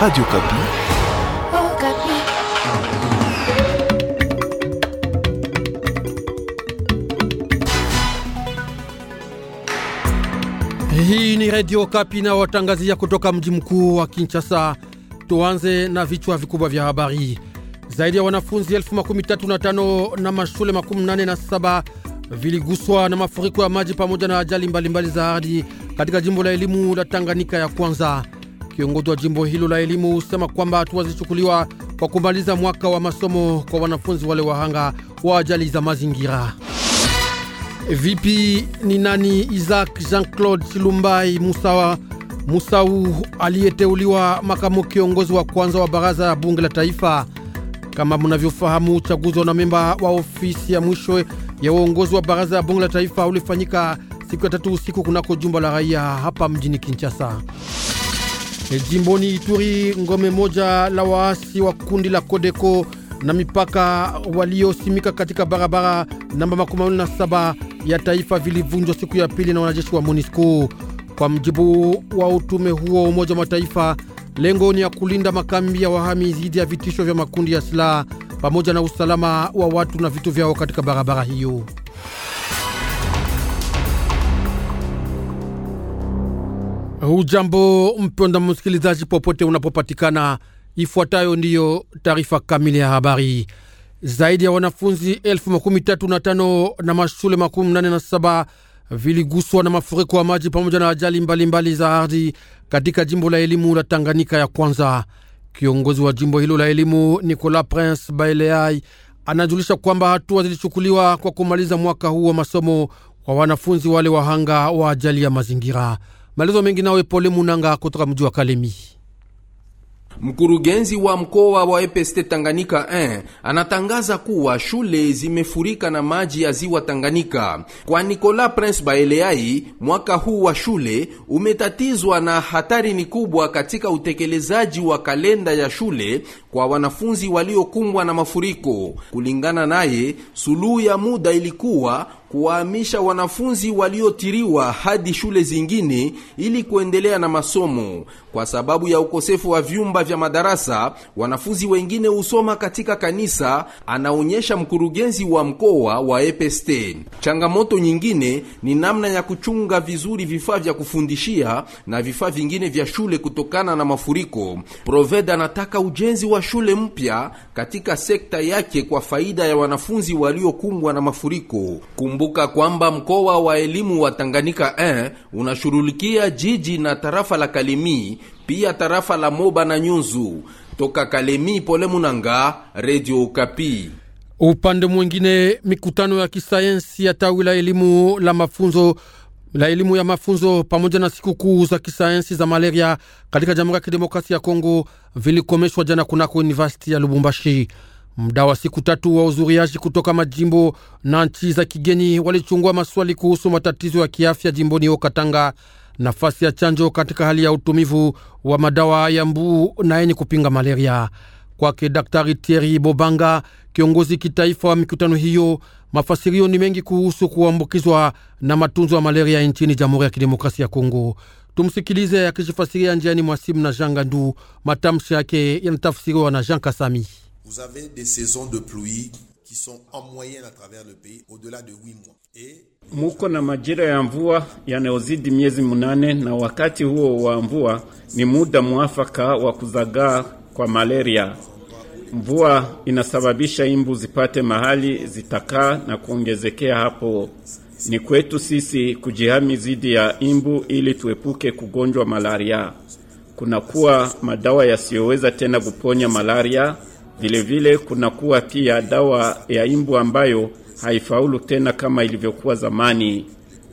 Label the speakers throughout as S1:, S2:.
S1: Radio Kapi. Oh, Kapi.
S2: Hii ni Radio Kapi na watangazia kutoka mji mkuu wa Kinshasa. Tuanze na vichwa vikubwa vya habari. Zaidi ya wanafunzi 35 na mashule makumi viliguswa na mafuriko ya maji pamoja na ajali mbalimbali mbali za ardhi katika jimbo la elimu la Tanganyika ya kwanza. Kiongozi wa jimbo hilo la elimu husema kwamba hatua zilichukuliwa kwa kumaliza mwaka wa masomo kwa wanafunzi wale wahanga wa ajali za mazingira. Vipi ni nani Isaac Jean-Claude Silumbai Musawa Musau aliyeteuliwa makamu kiongozi wa kwanza wa baraza ya bunge la taifa? Kama mnavyofahamu, uchaguzi wa memba wa ofisi ya mwisho ya uongozi wa baraza ya bunge la taifa ulifanyika siku ya tatu usiku kunako jumba la raia hapa mjini Kinshasa. E, jimboni Ituri, ngome moja la waasi wa kundi la Kodeko na mipaka waliosimika katika barabara namba saba ya taifa vilivunjwa siku ya pili na wanajeshi wa MONUSCO. Kwa mjibu wa utume huo wa Umoja wa Mataifa, lengo ni ya kulinda makambi ya wahami dhidi ya vitisho vya makundi ya silaha pamoja na usalama wa watu na vitu vyao katika barabara hiyo. Hujambo mpenda msikilizaji, popote unapopatikana, ifuatayo ndiyo taarifa kamili ya habari. Zaidi ya wanafunzi elfu makumi tatu na tano na mashule makumi nane na saba viliguswa na mafuriko ya maji pamoja na ajali mbalimbali mbali za ardhi katika jimbo la elimu la Tanganyika ya kwanza. Kiongozi wa jimbo hilo la elimu Nicolas Prince Baeleai anajulisha kwamba hatua zilichukuliwa kwa kumaliza mwaka huu wa masomo kwa wanafunzi wale wahanga wa ajali ya mazingira. Maelezo mengi nawe Pole Munanga kutoka mji wa Kalemi.
S3: Mkurugenzi wa mkoa wa EPST Tanganyika 1 anatangaza kuwa shule zimefurika na maji ya ziwa Tanganyika. Kwa Nicolas Prince Baeleai, mwaka huu wa shule umetatizwa na hatari ni kubwa katika utekelezaji wa kalenda ya shule kwa wanafunzi waliokumbwa na mafuriko. Kulingana naye, suluhu ya muda ilikuwa kuwahamisha wanafunzi waliotiriwa hadi shule zingine ili kuendelea na masomo. Kwa sababu ya ukosefu wa vyumba vya madarasa, wanafunzi wengine husoma katika kanisa, anaonyesha mkurugenzi wa mkoa wa EPST. Changamoto nyingine ni namna ya kuchunga vizuri vifaa vya kufundishia na vifaa vingine vya shule kutokana na mafuriko. Proved anataka ujenzi wa shule mpya katika sekta yake kwa faida ya wanafunzi waliokumbwa na mafuriko Kumbu Kumbuka kwamba mkoa wa elimu wa Tanganyika 1 unashughulikia jiji na tarafa la Kalemi, pia tarafa la Moba na Nyunzu. Toka Kalemi, Pole Munanga, Radio Okapi.
S2: Upande mwingine, mikutano ya kisayansi ya tawi la elimu la mafunzo la elimu ya mafunzo pamoja na sikukuu za kisayansi za malaria katika Jamhuri ya Kidemokrasia ya Kongo vilikomeshwa jana kunako University ya Lubumbashi mda wa siku tatu wa uzuriaji kutoka majimbo na nchi za kigeni walichungua maswali kuhusu matatizo ya kiafya jimboni Okatanga, nafasi ya chanjo katika hali ya utumivu wa madawa ya mbuu na yenye kupinga malaria. Kwake Daktari Thierry Bobanga, kiongozi kitaifa wa mikutano hiyo, mafasirio ni mengi kuhusu kuambukizwa na matunzo ya malaria nchini Jamhuri ya Kidemokrasia ya Kongo. Tumsikilize akijifasiria njiani mwasimu na Jean Gandu. Matamshi yake yanatafsiriwa na Jean Kasami.
S3: Vous avez des saisons de pluie qui sont en moyenne à travers le pays
S4: au-delà de 8 mois. Et muko na majira ya mvua yanayozidi miezi munane, na wakati huo wa mvua ni muda mwafaka wa kuzagaa kwa malaria. Mvua inasababisha imbu zipate mahali zitakaa na kuongezekea. Hapo ni kwetu sisi kujihami dhidi ya imbu ili tuepuke kugonjwa malaria. Kunakuwa madawa yasiyoweza tena kuponya malaria Vilevile kunakuwa pia dawa ya imbu ambayo haifaulu tena kama ilivyokuwa zamani.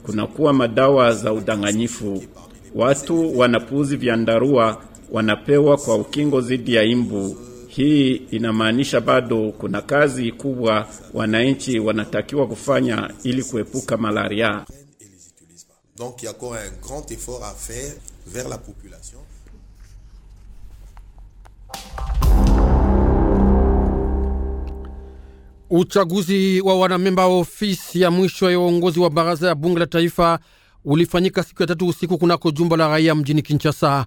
S4: Kunakuwa madawa za udanganyifu, watu wanapuzi vyandarua wanapewa kwa ukingo zidi ya imbu. Hii inamaanisha bado kuna kazi kubwa wananchi wanatakiwa kufanya ili kuepuka malaria.
S3: Donc il y a encore un grand effort à faire vers la population.
S2: Uchaguzi wa wanamemba wa ofisi ya mwisho ya uongozi wa baraza ya bunge la taifa ulifanyika siku ya tatu usiku kunako jumba la raia mjini Kinshasa.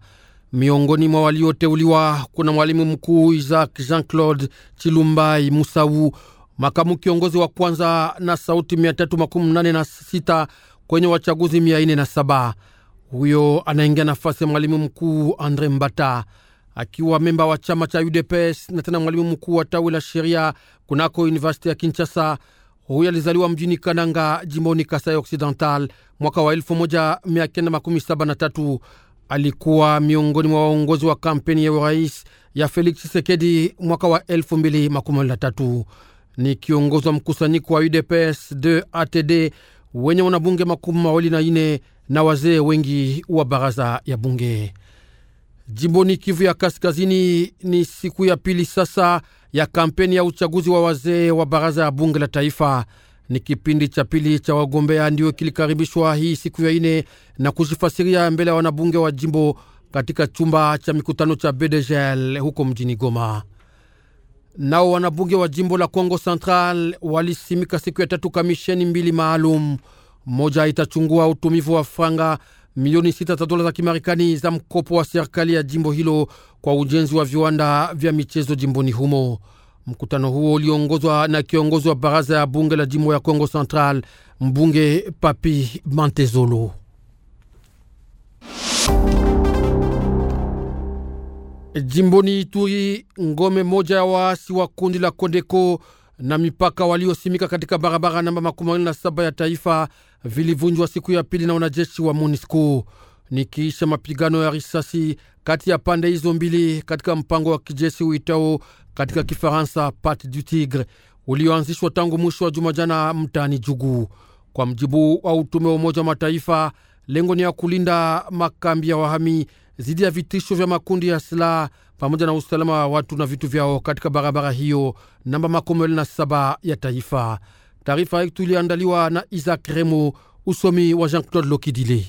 S2: Miongoni mwa walioteuliwa kuna mwalimu mkuu Isaac Jean Claude Chilumbai Musau, makamu kiongozi wa kwanza, na sauti 386 kwenye wachaguzi 407. Huyo anaingia nafasi ya mwalimu mkuu Andre Mbata akiwa memba wa chama cha UDPS na tena mwalimu mkuu wa tawi la sheria kunako universiti ya Kinshasa. Huyu alizaliwa mjini Kananga, jimboni Kasai Occidental mwaka wa 1973. Alikuwa miongoni mwa waongozi wa kampeni ya urais ya Felix Chisekedi mwaka wa 2013. Ni kiongozi wa mkusanyiko wa UDPS de ATD wenye wanabunge makumi mawili na ine na wazee wengi wa baraza ya bunge jimboni Kivu ya Kaskazini. Ni siku ya pili sasa ya kampeni ya uchaguzi wa wazee wa baraza ya bunge la taifa. Ni kipindi cha pili cha wagombea ndiyo kilikaribishwa hii siku ya ine na kujifasiria mbele ya wanabunge wa jimbo katika chumba cha mikutano cha BDGL huko mjini Goma. Nao wanabunge wa jimbo la congo Central walisimika siku ya tatu kamisheni mbili maalum. Moja itachungua utumivu wa franga milioni sita za dola za Kimarekani za mkopo wa serikali ya jimbo hilo kwa ujenzi wa viwanda vya michezo jimboni humo. Mkutano huo uliongozwa na kiongozi wa baraza ya bunge la jimbo ya congo Central, mbunge Papi Mantezolo. Jimboni Ituri, ngome moja ya waasi wa kundi la Kondeko na mipaka waliosimika katika barabara namba makumi mawili na saba ya taifa vilivunjwa siku ya pili na wanajeshi wa MONUSCO nikiisha mapigano ya risasi kati ya pande hizo mbili katika mpango wa kijeshi uitao katika Kifaransa Pat du Tigre ulioanzishwa tangu mwisho wa juma jana mtaani Jugu. Kwa mjibu wa utume wa Umoja wa Mataifa, lengo ni ya kulinda makambi ya wahami dhidi ya vitisho vya makundi ya silaha pamoja na usalama wa watu na vitu vyao katika barabara hiyo namba makumi mbili na saba ya taifa. Taarifa hii tuliandaliwa na Isaac Remo, usomi wa Jean Claude Lokidile.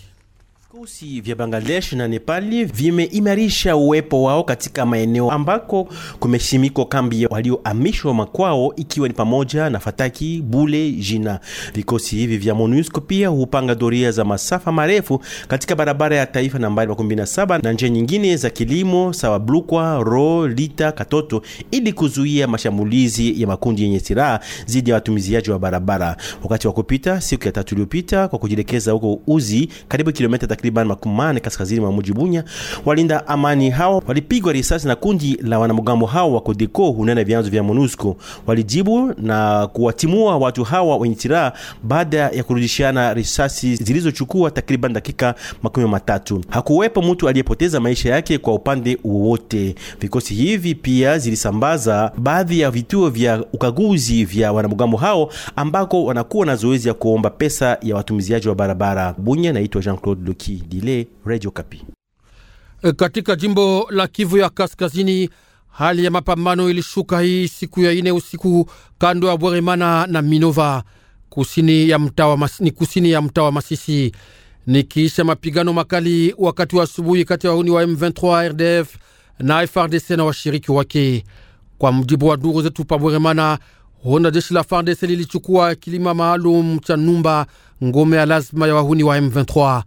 S1: Vikosi vya Bangladesh na Nepali vimeimarisha uwepo wao katika maeneo ambako kumeshimikwa kambi waliohamishwa makwao, ikiwa ni pamoja na Fataki, Bule, Jina. Vikosi hivi vya MONUSCO pia hupanga doria za masafa marefu katika barabara ya taifa nambari 17 na njia nyingine za kilimo sawa Blukwa, Ro, Lita, Katoto ili kuzuia mashambulizi ya makundi yenye silaha dhidi ya watumiziaji wa barabara. Wakati wa kupita siku ya tatu iliyopita, kwa kujielekeza huko Uzi, karibu kilomita takriban makumi mane kaskazini mwa mji Bunya. Walinda amani hao walipigwa risasi na kundi la wanamgambo hao wa Kodeko, hunena vyanzo vya MONUSCO. Walijibu na kuwatimua watu hawa wenye silaha baada ya kurudishana risasi zilizochukua takriban dakika makumi matatu. Hakuwepo mtu aliyepoteza maisha yake kwa upande wowote. Vikosi hivi pia zilisambaza baadhi ya vituo vya ukaguzi vya wanamgambo hao ambako wanakuwa na zoezi ya kuomba pesa ya watumiziaji wa barabara. Bunya, naitwa Jean-Claude Luki. Dile, Radio Kapi.
S2: E, katika jimbo la Kivu ya Kaskazini, hali ya mapambano ilishuka hii siku ya ine usiku kando ya Bweremana na Minova kusini ya mtawa mas, ni kusini ya mtaa wa Masisi, nikiisha mapigano makali wakati wa asubuhi kati ya wauni wa M23 RDF na FRDC na washiriki wake. Kwa mjibu wa duru zetu pa Bweremana, honda jeshi la FRDC lilichukua kilima maalum cha Numba, ngome ya lazima ya wahuni wa M23.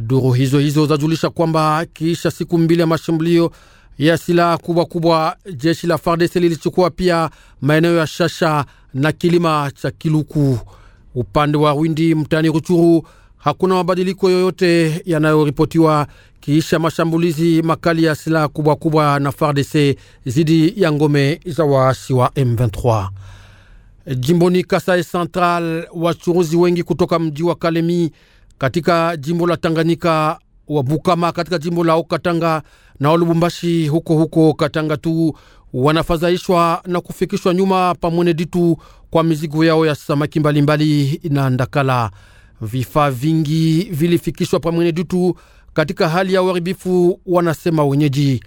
S2: Duru hizo hizo zajulisha kwamba kiisha siku mbili ya mashambulio ya silaha kubwa kubwa, jeshi la FARDC lilichukua pia maeneo ya Shasha na kilima cha Kiluku upande wa Windi mtaani Ruchuru. Hakuna mabadiliko yoyote yanayoripotiwa kiisha mashambulizi makali ya silaha kubwa kubwa na FARDC zidi ya ngome za waasi wa M23 jimboni Kasai Central. Wachuruzi wengi kutoka mji wa Kalemi katika jimbo la Tanganyika, wa Bukama katika jimbo la Okatanga na wa Lubumbashi huko huko Katanga tu wanafadhaishwa na kufikishwa nyuma pamwene ditu kwa mizigo yao ya samaki mbalimbali mbali na ndakala. Vifaa vingi vilifikishwa pamwene ditu katika hali ya uharibifu, wanasema wenyeji.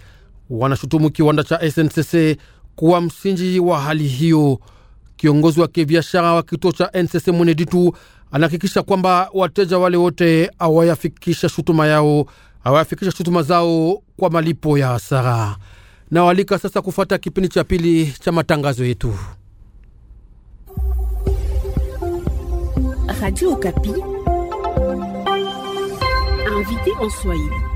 S2: Wanashutumu kiwanda cha SNCC kuwa msingi wa hali hiyo. Kiongozi wa kibiashara wa kituo cha NCC Mweneditu anahakikisha kwamba wateja wale wote hawayafikisha shutuma yao hawayafikisha shutuma zao kwa malipo ya hasara. Nawalika sasa kufuata kipindi cha pili cha matangazo yetu.
S4: Radio Okapi invité en Swahili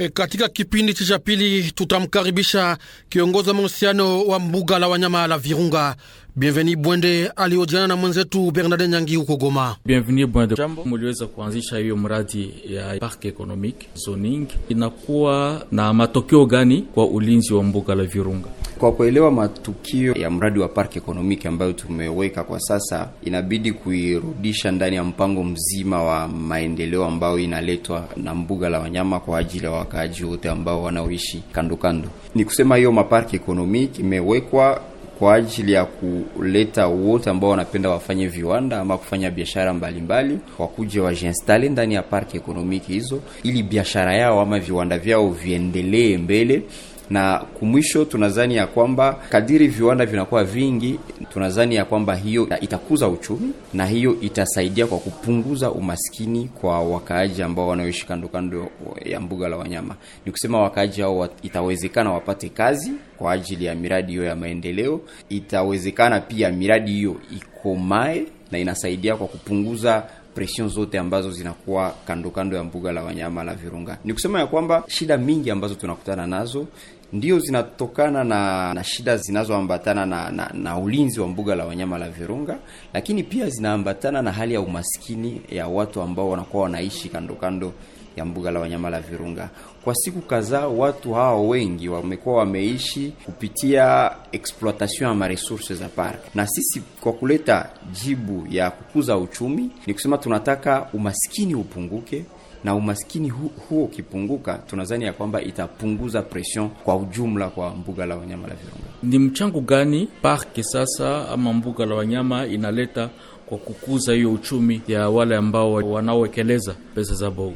S2: E, katika kipindi cha pili tutamkaribisha kiongozi wa mahusiano wa mbuga la wanyama la Virunga Bienveni Bwende aliojiana na mwenzetu Bernard Nyangi huko Goma. Bienveni Bwende,
S3: jambo muliweza kuanzisha hiyo mradi ya park economic zoning,
S4: inakuwa na matokeo gani kwa ulinzi wa mbuga la Virunga? Kwa kuelewa matukio ya mradi wa park economic ambayo tumeweka kwa sasa, inabidi kuirudisha ndani ya mpango mzima wa maendeleo ambayo inaletwa na mbuga la wanyama kwa ajili ya wakaaji wote ambao wanaoishi kando kando. Ni kusema hiyo mapark economic imewekwa kwa ajili ya kuleta wote ambao wanapenda wafanye viwanda ama kufanya biashara mbalimbali, wakuje wajinstale ndani ya park economic hizo, ili biashara yao ama viwanda vyao viendelee mbele na kumwisho, tunazani ya kwamba kadiri viwanda vinakuwa vingi, tunazani ya kwamba hiyo itakuza uchumi na hiyo itasaidia kwa kupunguza umaskini kwa wakaaji ambao wanaoishi kando kando ya mbuga la wanyama. Ni kusema wakaaji hao itawezekana wapate kazi kwa ajili ya miradi hiyo ya maendeleo. Itawezekana pia miradi hiyo ikomae na inasaidia kwa kupunguza presion zote ambazo zinakuwa kando kando ya mbuga la wanyama la Virunga. Ni kusema ya kwamba shida mingi ambazo tunakutana nazo ndio zinatokana na, na shida zinazoambatana na, na, na ulinzi wa mbuga la wanyama la Virunga, lakini pia zinaambatana na hali ya umaskini ya watu ambao wanakuwa wanaishi kando kando ya mbuga la wanyama la Virunga. Kwa siku kadhaa, watu hawa wengi wamekuwa wameishi kupitia exploitation ya maresources za park, na sisi kwa kuleta jibu ya kukuza uchumi ni kusema tunataka umaskini upunguke na umaskini huo ukipunguka, tunadhani ya kwamba itapunguza pression kwa ujumla kwa mbuga la wanyama la Virunga. Ni mchango gani parki sasa
S3: ama mbuga la wanyama inaleta kwa kukuza hiyo uchumi ya wale ambao wanaowekeleza pesa za bou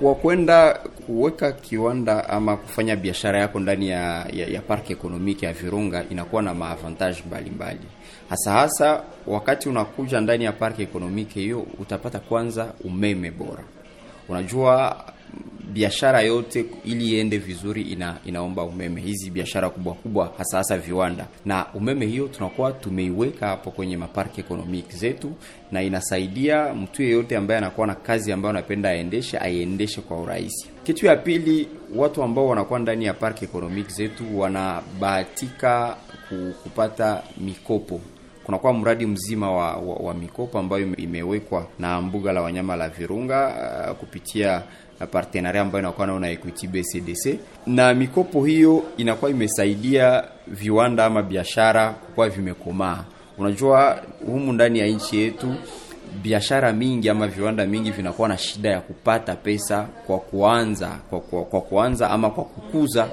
S4: kwa kwenda kuweka kiwanda ama kufanya biashara yako ndani ya, ya, ya park ekonomiki ya Virunga inakuwa na maavantage mbalimbali, hasa hasa wakati unakuja ndani ya park ekonomiki hiyo, utapata kwanza umeme bora Unajua biashara yote ili iende vizuri ina, inaomba umeme. Hizi biashara kubwa kubwa, hasa hasa viwanda, na umeme hiyo tunakuwa tumeiweka hapo kwenye mapark economic zetu, na inasaidia mtu yeyote ambaye anakuwa na kazi ambayo anapenda aendeshe, aiendeshe kwa urahisi. Kitu ya pili, watu ambao wanakuwa ndani ya park economic zetu wanabahatika kupata mikopo kunakuwa mradi mzima wa, wa, wa mikopo ambayo imewekwa na mbuga la wanyama la Virunga uh, kupitia partenaria ambayo inakuwa nao na Equity BCDC, na mikopo hiyo inakuwa imesaidia viwanda ama biashara kukuwa vimekomaa. Unajua, humu ndani ya nchi yetu biashara mingi ama viwanda mingi vinakuwa na shida ya kupata pesa kwa kuanza kwa, kwa, kwa kuanza ama kwa kukuza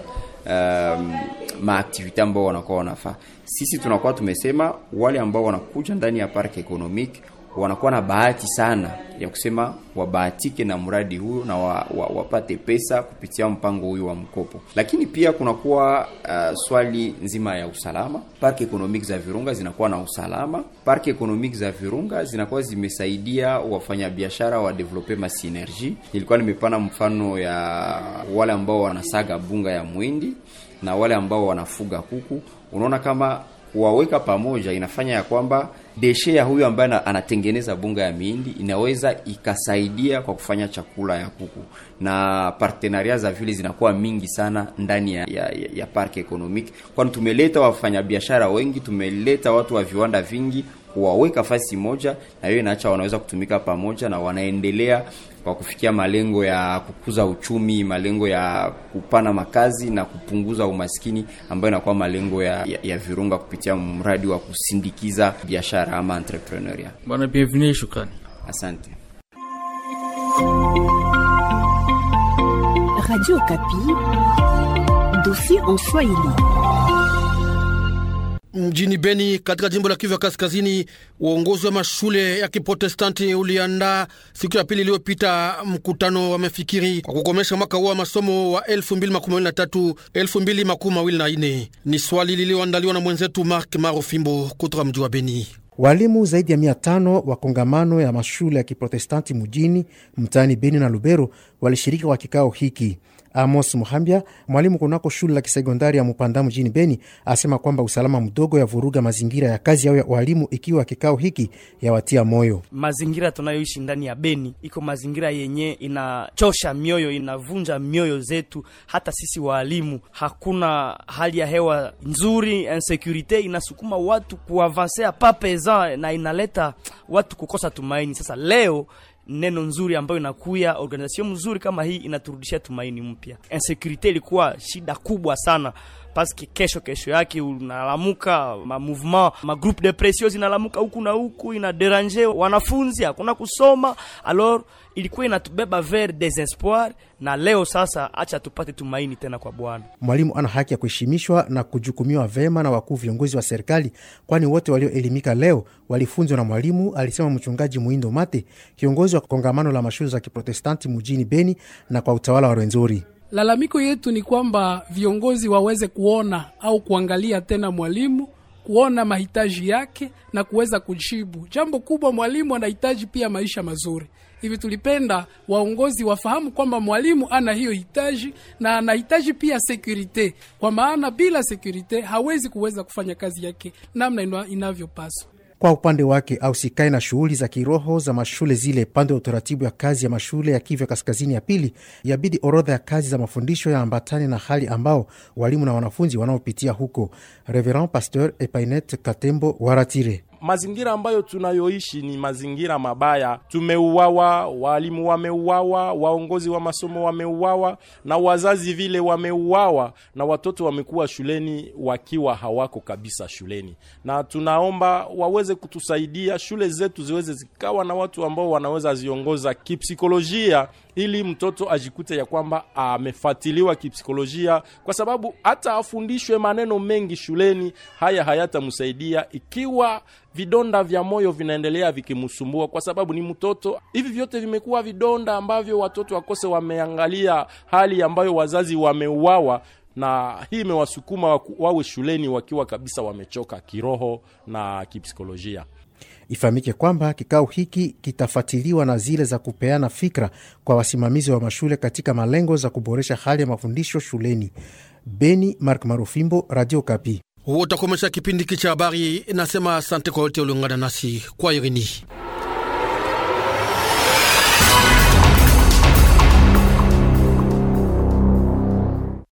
S4: um, maaktivite ambao wanakuwa wanafaa. Sisi tunakuwa tumesema wale ambao wanakuja ndani ya park economic wanakuwa na bahati sana ya kusema wabahatike na mradi huyo na wa, wa, wapate pesa kupitia mpango huyo wa mkopo. Lakini pia kunakuwa uh, swali nzima ya usalama. Park economic za Virunga zinakuwa na usalama. Park economic za Virunga zinakuwa zimesaidia wafanyabiashara wa develope ma synergie. Nilikuwa nimepana mfano ya wale ambao wanasaga bunga ya mwindi na wale ambao wanafuga kuku, unaona kama kuwaweka pamoja inafanya ya kwamba deshe ya huyu ambaye anatengeneza bunga ya miindi inaweza ikasaidia kwa kufanya chakula ya kuku, na partenaria za vile zinakuwa mingi sana ndani ya, ya, ya park economic, kwani tumeleta wafanyabiashara wengi, tumeleta watu wa viwanda vingi kuwaweka fasi moja, na hiyo inaacha wanaweza kutumika pamoja na wanaendelea kwa kufikia malengo ya kukuza uchumi, malengo ya kupana makazi na kupunguza umaskini, ambayo inakuwa malengo ya, ya, ya Virunga kupitia mradi wa kusindikiza biashara ama entrepreneuria. Bwana Bienvenue, shukrani, asante. Radio Kapi, dossier en Swahili.
S2: Mjini Beni katika jimbo la Kivu ya Kaskazini, uongozi wa mashule ya Kiprotestanti uliandaa siku ya pili iliyopita mkutano wa mafikiri kwa kukomesha mwaka huo wa masomo wa 2023 2024. Ni swali lililoandaliwa na mwenzetu Mark Marofimbo kutoka mji wa Beni.
S5: Walimu zaidi ya mia tano wa kongamano ya mashule ya Kiprotestanti mjini mtaani Beni na Lubero walishiriki kwa kikao hiki. Amos Muhambia, mwalimu kunako shule la kisekondari ya Mupanda mjini Beni, asema kwamba usalama mdogo ya vuruga mazingira ya kazi yao ya walimu, ikiwa kikao hiki yawatia moyo.
S4: Mazingira tunayoishi ndani ya Beni iko mazingira yenye inachosha mioyo, inavunja mioyo zetu, hata sisi walimu. Hakuna hali ya hewa nzuri, insecurite inasukuma watu kuavansea papeza na inaleta watu kukosa tumaini. Sasa leo neno nzuri ambayo inakuya organization mzuri kama hii inaturudishia tumaini mpya. Insecurity ilikuwa shida kubwa sana paske kesho kesho yake unalamuka ma movement ma groupe de pression zinalamuka huku na huku, ina deranger wanafunzi, hakuna kusoma. Alors ilikuwa inatubeba ver desespoir, na leo sasa, acha tupate tumaini tena kwa Bwana.
S5: Mwalimu ana haki ya kuheshimishwa na kujukumiwa vema na wakuu viongozi wa serikali, kwani wote walioelimika leo walifunzwa na mwalimu, alisema mchungaji Muindo Mate, kiongozi wa kongamano la mashule za Kiprotestanti mjini Beni na kwa utawala wa Rwenzori.
S3: Lalamiko yetu ni kwamba viongozi waweze kuona au kuangalia tena mwalimu, kuona mahitaji yake na kuweza kujibu. Jambo kubwa, mwalimu anahitaji pia maisha mazuri. Hivi tulipenda waongozi wafahamu kwamba mwalimu ana hiyo hitaji na anahitaji pia sekurite, kwa maana bila sekurite hawezi kuweza kufanya kazi yake namna inavyopaswa.
S5: Kwa upande wake ausikae na shughuli za kiroho za mashule zile. Pande ya utaratibu ya kazi ya mashule ya Kivya Kaskazini ya pili, yabidi orodha ya kazi za mafundisho ya ambatane na hali ambao walimu na wanafunzi wanaopitia huko. Reverend Pasteur Epainet Katembo Waratire
S1: mazingira ambayo tunayoishi ni mazingira mabaya. Tumeuawa, walimu wameuawa, waongozi wa masomo wameuawa, na wazazi vile wameuawa, na watoto wamekuwa shuleni wakiwa hawako kabisa shuleni, na tunaomba waweze kutusaidia, shule zetu ziweze zikawa na watu ambao wanaweza ziongoza kipsikolojia ili mtoto ajikute ya kwamba amefuatiliwa kipsikolojia, kwa sababu hata afundishwe maneno mengi shuleni, haya hayatamsaidia ikiwa vidonda vya moyo vinaendelea vikimsumbua, kwa sababu ni mtoto. Hivi vyote vimekuwa vidonda ambavyo watoto wakose wameangalia hali ambayo wazazi wameuawa na hii imewasukuma wawe shuleni wakiwa kabisa wamechoka kiroho na kipsikolojia.
S5: Ifahamike kwamba kikao hiki kitafuatiliwa na zile za kupeana fikra kwa wasimamizi wa mashule katika malengo za kuboresha hali ya mafundisho shuleni. Beni, Mark Marufimbo, Radio Kapi.
S2: Utakomesha kipindi hiki cha habari. Nasema asante kwa wote uliungana nasi kwa irini.